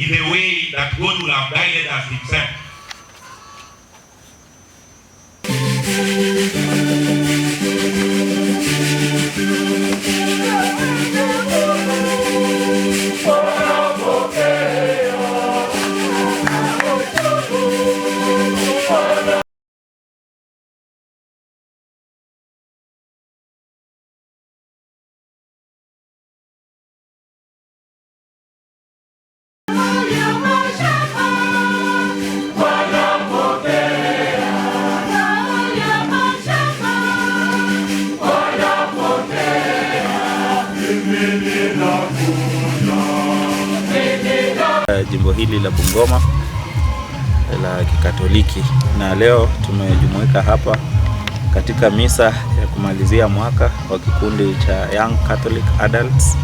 in a way that God will have guided us himself. katika jimbo hili la Bungoma la Kikatoliki, na leo tumejumuika hapa katika misa ya kumalizia mwaka wa kikundi cha Young Catholic Adults.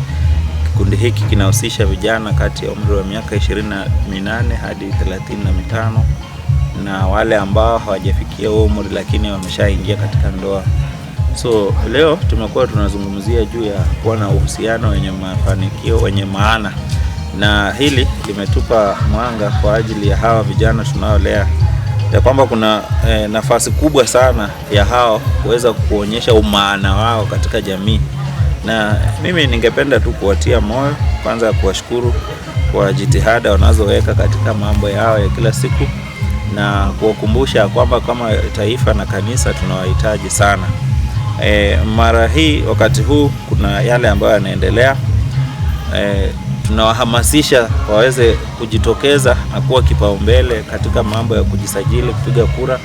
Kikundi hiki kinahusisha vijana kati ya umri wa miaka 28 hadi 35 na wale ambao hawajafikia umri lakini wameshaingia katika ndoa. So leo tumekuwa tunazungumzia juu ya kuwa na uhusiano wenye mafanikio wenye maana na hili limetupa mwanga kwa ajili ya hawa vijana tunaolea ya kwamba kuna e, nafasi kubwa sana ya hao kuweza kuonyesha umaana wao katika jamii, na mimi ningependa tu kuwatia moyo kwanza, kuwashukuru kwa jitihada wanazoweka katika mambo yao ya kila siku na kuwakumbusha kwamba kama taifa na kanisa tunawahitaji sana. E, mara hii wakati huu kuna yale ambayo yanaendelea e, tunawahamasisha waweze kujitokeza na kuwa kipaumbele katika mambo ya kujisajili kupiga kura,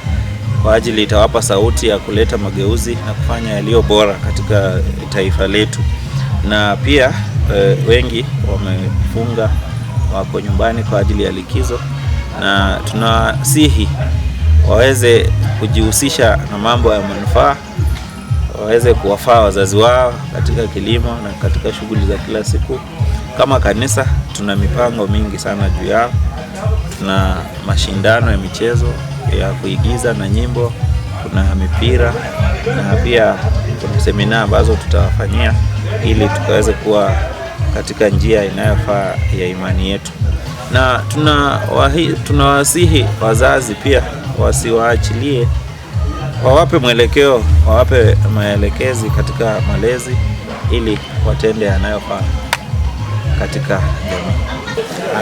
kwa ajili itawapa sauti ya kuleta mageuzi na kufanya yaliyo bora katika taifa letu. Na pia e, wengi wamefunga, wako nyumbani kwa ajili ya likizo, na tunawasihi waweze kujihusisha na mambo ya manufaa, waweze kuwafaa wazazi wao katika kilimo na katika shughuli za kila siku. Kama kanisa tuna mipango mingi sana juu yao. Tuna mashindano ya michezo ya kuigiza na nyimbo, kuna mipira na pia kuna semina ambazo tutawafanyia ili tukaweze kuwa katika njia inayofaa ya imani yetu, na tunawasihi tuna wazazi pia wasiwaachilie, wawape mwelekeo, wawape maelekezi katika malezi ili watende yanayofaa katika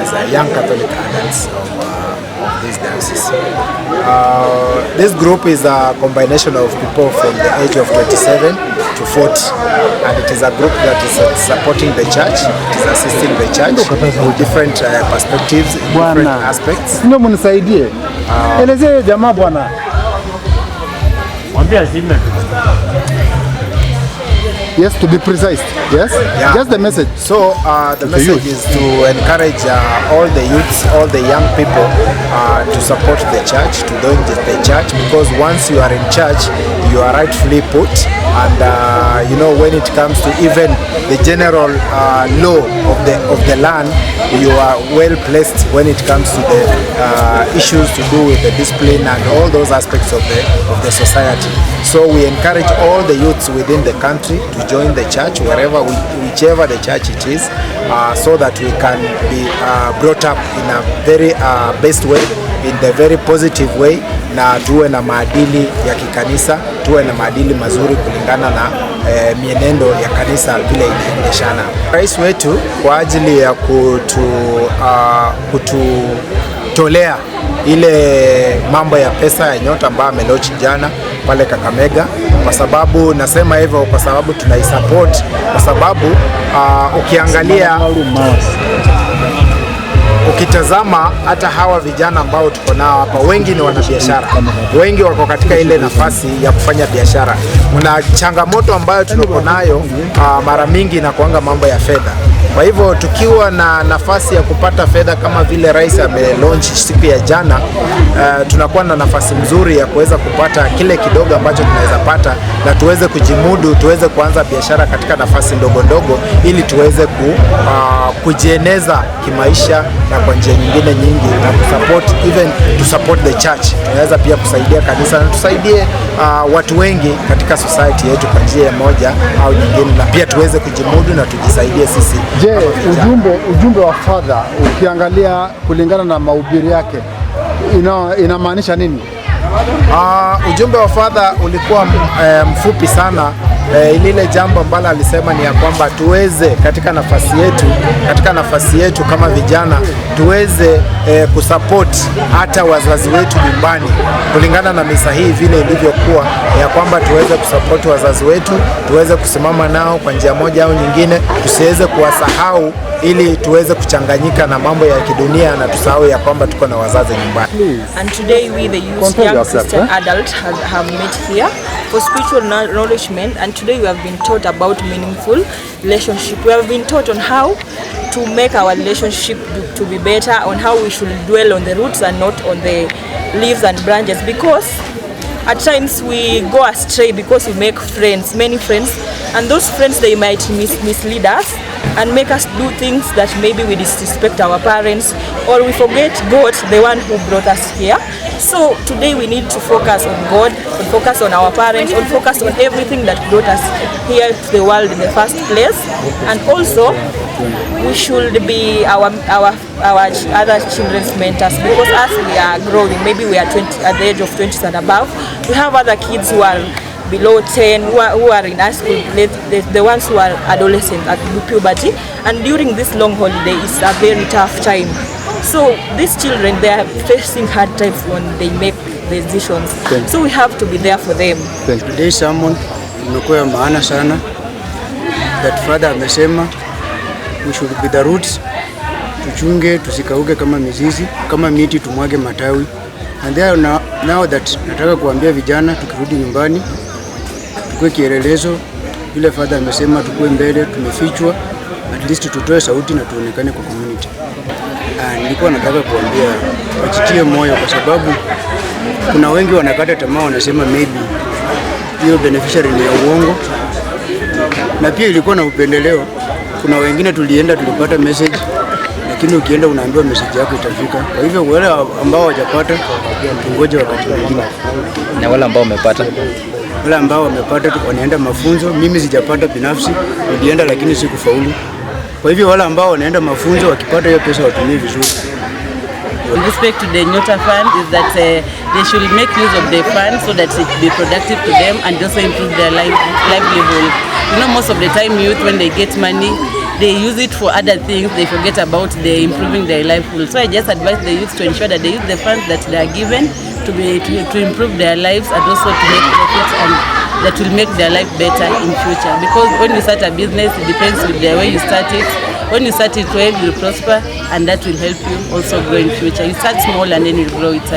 As a young Catholic adults of, uh, of this diocese. Uh, this group is a combination of people from the age of 27 to 40 and it is a group that is uh, supporting the church, it is assisting the church with different uh, perspectives, in different aspects. Ndio mnisaidie. Uh, Elezee jamaa bwana. Mwambie azime. Yes, to be precise. Yes? Yeah. Just the message. So uh, the to message is to encourage uh, all the youths, all the young people uh, to support the church, to join the church, because once you are in church, you are rightfully put. And uh, you know, when it comes to even the general uh, law of the of the land, you are well placed when it comes to the uh, issues to do with the discipline and all those aspects of the of the society. So we encourage all the youths within the country to join the church wherever we, whichever the church it is uh, so that we can be uh, brought up in a very uh, best way in the very positive way na tuwe na maadili ya kikanisa, tuwe na maadili mazuri kulingana na eh, mienendo ya kanisa vile inaendeshana. Rais wetu kwa ajili ya kutu, uh, kututolea ile mambo ya pesa ya nyota ambayo amelochi jana pale Kakamega. Kwa sababu nasema hivyo kwa sababu tunaisupport, kwa sababu uh, ukiangalia ukitazama hata hawa vijana ambao tuko nao hapa, wengi ni wanabiashara, wengi wako katika ile nafasi ya kufanya biashara. kuna changamoto ambayo tuko nayo uh, mara mingi inakuanga mambo ya fedha kwa hivyo tukiwa na nafasi ya kupata fedha kama vile rais amelaunch siku ya jana, uh, tunakuwa na nafasi nzuri ya kuweza kupata kile kidogo ambacho tunaweza pata na tuweze kujimudu, tuweze kuanza biashara katika nafasi ndogo ndogo, ili tuweze ku, uh, kujieneza kimaisha na kwa njia nyingine nyingi na kusupport even to support the church. Tunaweza pia kusaidia kanisa na tusaidie uh, watu wengi katika society yetu kwa njia moja au nyingine, na pia tuweze kujimudu na tujisaidie sisi. Je, ujumbe ujumbe wa fadha ukiangalia kulingana na mahubiri yake ina inamaanisha nini? Uh, ujumbe wa fadha ulikuwa eh, mfupi sana e, lile jambo ambalo alisema ni ya kwamba tuweze katika nafasi yetu, katika nafasi yetu kama vijana tuweze e, kusupport hata wazazi wetu nyumbani kulingana na misa hii vile ilivyokuwa, ya kwamba tuweze kusupport wazazi wetu, tuweze kusimama nao kwa njia moja au nyingine, tusiweze kuwasahau ili tuweze kuchanganyika na mambo ya kidunia na tusahau ya kwamba tuko na wazazi nyumbani. And today we the youth, young Christian eh? adult have met here for spiritual nourishment and today we have been taught about meaningful relationship. We have been taught on how to make our relationship to be better, on how we should dwell on the roots and not on the leaves and branches because at times we go astray because we make friends, many friends, and those friends they might mis- mislead us and make us do things that maybe we disrespect our parents or we forget God, the one who brought us here. So today we need to focus on God, on focus on our parents, on focus on everything that brought us here to the world in the first place, and also we should be our our our other children's mentors because as we are growing maybe we are 20 at the age of 20s and above we have other kids who are below 10 who are, who are in high school the, the ones who are adolescent at puberty and during this long holiday it's a very tough time so these children they are facing hard times when they make decisions so we have to be there for them today someone imekuwa maana sana that father amesema we should be the roots. Tuchunge tusikauke kama mizizi, kama miti tumwage matawi. And there now, now that nataka kuambia vijana tukirudi nyumbani tukue kielelezo, vile father amesema tukue mbele, tumefichwa, at least tutoe sauti na tuonekane kwa community. And ah, nilikuwa nataka kuambia wajitie moyo, kwa sababu kuna wengi wanakata tamaa, wanasema maybe hiyo beneficiary ni ya uongo, na pia ilikuwa na upendeleo kuna wengine tulienda tulipata message, lakini ukienda unaambiwa message yako itafika. Kwa hivyo wale ambao hawajapata tungoje wakati mwingine, na wale ambao wamepata wale ambao wamepata wanaenda mafunzo. Mimi sijapata binafsi, nilienda lakini sikufaulu. Kwa hivyo wale ambao wanaenda mafunzo wakipata hiyo pesa watumie vizuri. With respect to the Nyota Fund is that uh, they should make use of the fund so that it be productive to them and also improve their life, livelihood. You know, most of the time youth, when they get money, they use it for other things. They forget about the improving their livelihood. So I just advise the youth to ensure that they use the funds that they are given to, be, to, to improve their lives and also to make profits and that will make their life better in future because when you start a business it depends with the way you start it when you start it well, you'll prosper and that will help you also grow in future. You start small and then you grow with